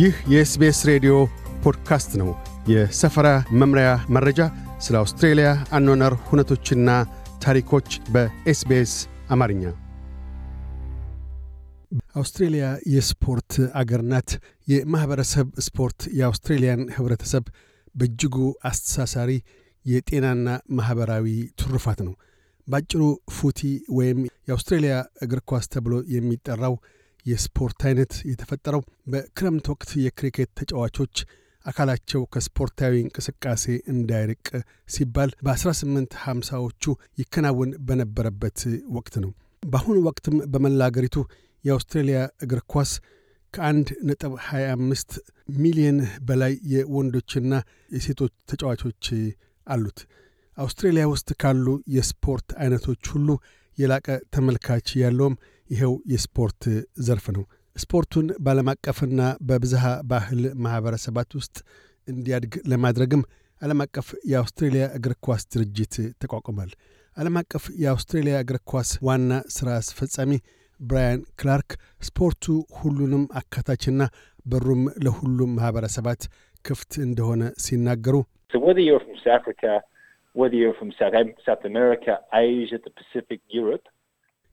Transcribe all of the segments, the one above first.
ይህ የኤስቤስ ሬዲዮ ፖድካስት ነው። የሰፈራ መምሪያ መረጃ፣ ስለ አውስትሬልያ አኗነር ሁነቶችና ታሪኮች በኤስቤስ አማርኛ። አውስትሬልያ የስፖርት አገር ናት። የማኅበረሰብ ስፖርት የአውስትሬልያን ኅብረተሰብ በእጅጉ አስተሳሳሪ የጤናና ማኅበራዊ ትሩፋት ነው። ባጭሩ ፉቲ ወይም የአውስትሬልያ እግር ኳስ ተብሎ የሚጠራው የስፖርት አይነት የተፈጠረው በክረምት ወቅት የክሪኬት ተጫዋቾች አካላቸው ከስፖርታዊ እንቅስቃሴ እንዳይርቅ ሲባል በ1850ዎቹ ይከናወን በነበረበት ወቅት ነው። በአሁኑ ወቅትም በመላ አገሪቱ የአውስትሬልያ እግር ኳስ ከአንድ ነጥብ 25 ሚሊየን በላይ የወንዶችና የሴቶች ተጫዋቾች አሉት። አውስትሬልያ ውስጥ ካሉ የስፖርት አይነቶች ሁሉ የላቀ ተመልካች ያለውም ይኸው የስፖርት ዘርፍ ነው። ስፖርቱን ባለም አቀፍና በብዝሃ ባህል ማኅበረሰባት ውስጥ እንዲያድግ ለማድረግም ዓለም አቀፍ የአውስትሬልያ እግር ኳስ ድርጅት ተቋቁሟል። ዓለም አቀፍ የአውስትሬልያ እግር ኳስ ዋና ሥራ አስፈጻሚ ብራያን ክላርክ ስፖርቱ ሁሉንም አካታችና በሩም ለሁሉም ማኅበረሰባት ክፍት እንደሆነ ሲናገሩ Whether you're from South Africa, whether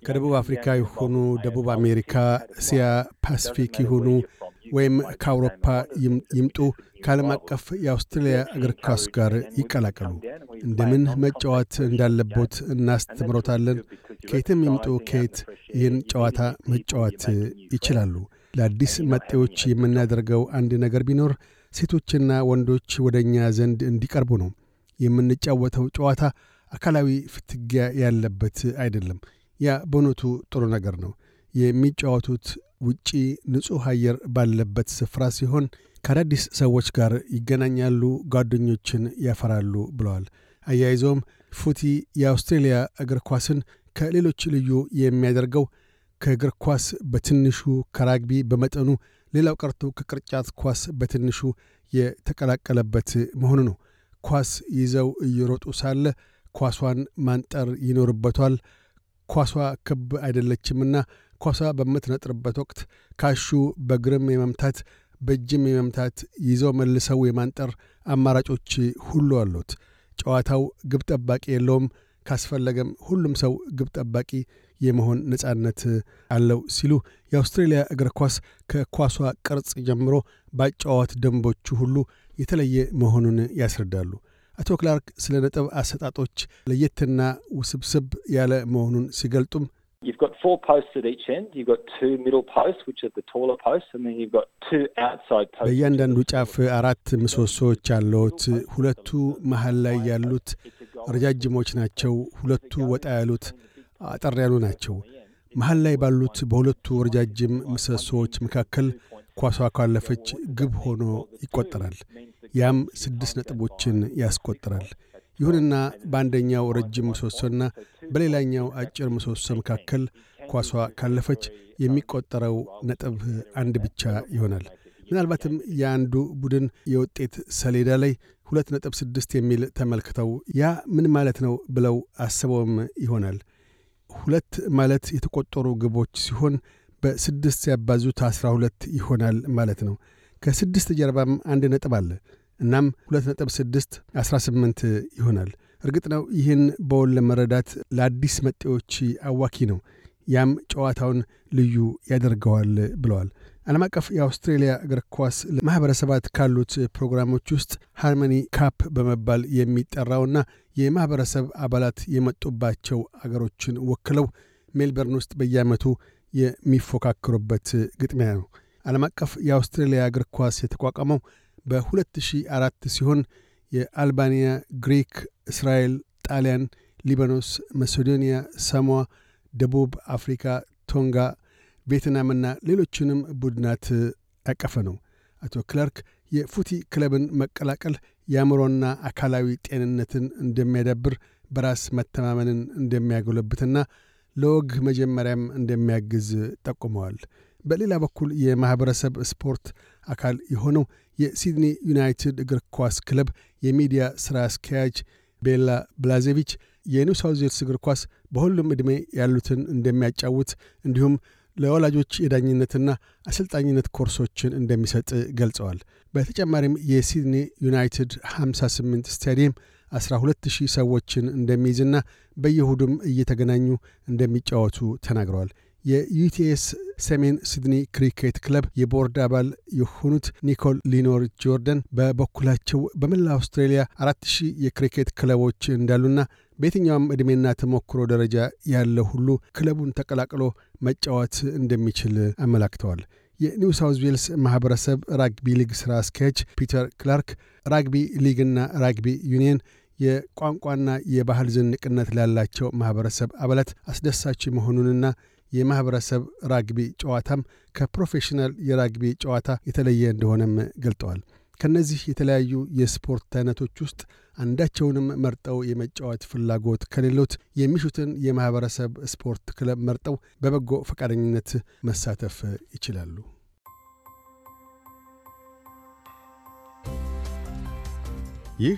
ከደቡብ አፍሪካ የሆኑ ደቡብ አሜሪካ፣ እስያ፣ ፓስፊክ የሆኑ ወይም ከአውሮፓ ይምጡ ከዓለም አቀፍ የአውስትራሊያ እግር ኳስ ጋር ይቀላቀሉ። እንደምን መጫወት እንዳለቦት እናስተምሮታለን። ከየትም ይምጡ ከየት ይህን ጨዋታ መጫወት ይችላሉ። ለአዲስ መጤዎች የምናደርገው አንድ ነገር ቢኖር ሴቶችና ወንዶች ወደ እኛ ዘንድ እንዲቀርቡ ነው። የምንጫወተው ጨዋታ አካላዊ ፍትጊያ ያለበት አይደለም። ያ በእውነቱ ጥሩ ነገር ነው። የሚጫወቱት ውጪ ንጹሕ አየር ባለበት ስፍራ ሲሆን ከአዳዲስ ሰዎች ጋር ይገናኛሉ፣ ጓደኞችን ያፈራሉ ብለዋል። አያይዘውም ፉቲ የአውስትሬልያ እግር ኳስን ከሌሎች ልዩ የሚያደርገው ከእግር ኳስ በትንሹ ከራግቢ በመጠኑ ሌላው ቀርቶ ከቅርጫት ኳስ በትንሹ የተቀላቀለበት መሆኑ ነው። ኳስ ይዘው እየሮጡ ሳለ ኳሷን ማንጠር ይኖርበቷል። ኳሷ ክብ አይደለችምና ኳሷ በምትነጥርበት ወቅት ካሹ በግርም የመምታት በእጅም የመምታት ይዞ መልሰው የማንጠር አማራጮች ሁሉ አሉት። ጨዋታው ግብ ጠባቂ የለውም። ካስፈለገም ሁሉም ሰው ግብ ጠባቂ የመሆን ነጻነት አለው ሲሉ የአውስትሬልያ እግር ኳስ ከኳሷ ቅርጽ ጀምሮ በጨዋት ደንቦቹ ሁሉ የተለየ መሆኑን ያስረዳሉ። አቶ ክላርክ ስለ ነጥብ አሰጣጦች ለየትና ውስብስብ ያለ መሆኑን ሲገልጡም You've got four posts at each end. You've got two middle posts, which are the taller posts, and then you've got two outside posts. በእያንዳንዱ ጫፍ አራት ምሰሶዎች አሉት። ሁለቱ መሀል ላይ ያሉት ረጃጅሞች ናቸው። ሁለቱ ወጣ ያሉት አጠር ያሉ ናቸው። መሀል ላይ ባሉት በሁለቱ ረጃጅም ምሰሶዎች መካከል ኳሷ ካለፈች ግብ ሆኖ ይቆጠራል። ያም ስድስት ነጥቦችን ያስቆጥራል። ይሁንና በአንደኛው ረጅም ምሰሶና በሌላኛው አጭር ምሰሶ መካከል ኳሷ ካለፈች የሚቆጠረው ነጥብ አንድ ብቻ ይሆናል። ምናልባትም የአንዱ ቡድን የውጤት ሰሌዳ ላይ ሁለት ነጥብ ስድስት የሚል ተመልክተው ያ ምን ማለት ነው ብለው አስበውም ይሆናል። ሁለት ማለት የተቆጠሩ ግቦች ሲሆን በስድስት ያባዙት አስራ ሁለት ይሆናል ማለት ነው። ከስድስት ጀርባም አንድ ነጥብ አለ። እናም 2.6 ይሆናል። እርግጥ ነው ይህን በውል ለመረዳት ለአዲስ መጤዎች አዋኪ ነው። ያም ጨዋታውን ልዩ ያደርገዋል ብለዋል። ዓለም አቀፍ የአውስትሬሊያ እግር ኳስ ማኅበረሰባት ካሉት ፕሮግራሞች ውስጥ ሃርመኒ ካፕ በመባል የሚጠራውና የማኅበረሰብ አባላት የመጡባቸው አገሮችን ወክለው ሜልበርን ውስጥ በየዓመቱ የሚፎካከሩበት ግጥሚያ ነው። ዓለም አቀፍ የአውስትሬሊያ እግር ኳስ የተቋቋመው በ2004 ሲሆን የአልባንያ፣ ግሪክ፣ እስራኤል፣ ጣሊያን፣ ሊባኖስ፣ መሴዶንያ፣ ሳሞዋ፣ ደቡብ አፍሪካ፣ ቶንጋ፣ ቬትናምና ሌሎችንም ቡድናት ያቀፈ ነው። አቶ ክላርክ የፉቲ ክለብን መቀላቀል የአእምሮና አካላዊ ጤንነትን እንደሚያዳብር በራስ መተማመንን እንደሚያጎለብትና ለወግ መጀመሪያም እንደሚያግዝ ጠቁመዋል። በሌላ በኩል የማኅበረሰብ ስፖርት አካል የሆነው የሲድኒ ዩናይትድ እግር ኳስ ክለብ የሚዲያ ሥራ አስኪያጅ ቤላ ብላዜቪች የኒው ዌልስ እግር ኳስ በሁሉም ዕድሜ ያሉትን እንደሚያጫውት እንዲሁም ለወላጆች የዳኝነትና አሰልጣኝነት ኮርሶችን እንደሚሰጥ ገልጸዋል። በተጨማሪም የሲድኒ ዩናይትድ 58 ስታዲየም 12000 ሰዎችን እንደሚይዝና በየሁዱም እየተገናኙ እንደሚጫወቱ ተናግረዋል። የዩቲኤስ ሰሜን ሲድኒ ክሪኬት ክለብ የቦርድ አባል የሆኑት ኒኮል ሊኖር ጆርደን በበኩላቸው በመላ አውስትሬልያ አራት ሺህ የክሪኬት ክለቦች እንዳሉና በየትኛውም ዕድሜና ተሞክሮ ደረጃ ያለ ሁሉ ክለቡን ተቀላቅሎ መጫወት እንደሚችል አመላክተዋል። የኒው ሳውዝ ዌልስ ማኅበረሰብ ራግቢ ሊግ ሥራ አስኪያጅ ፒተር ክላርክ ራግቢ ሊግና ራግቢ ዩኒየን የቋንቋና የባህል ዝንቅነት ላላቸው ማኅበረሰብ አባላት አስደሳች መሆኑንና የማኅበረሰብ ራግቢ ጨዋታም ከፕሮፌሽናል የራግቢ ጨዋታ የተለየ እንደሆነም ገልጠዋል። ከእነዚህ የተለያዩ የስፖርት አይነቶች ውስጥ አንዳቸውንም መርጠው የመጫወት ፍላጎት ከሌሎት የሚሹትን የማኅበረሰብ ስፖርት ክለብ መርጠው በበጎ ፈቃደኝነት መሳተፍ ይችላሉ። ይህ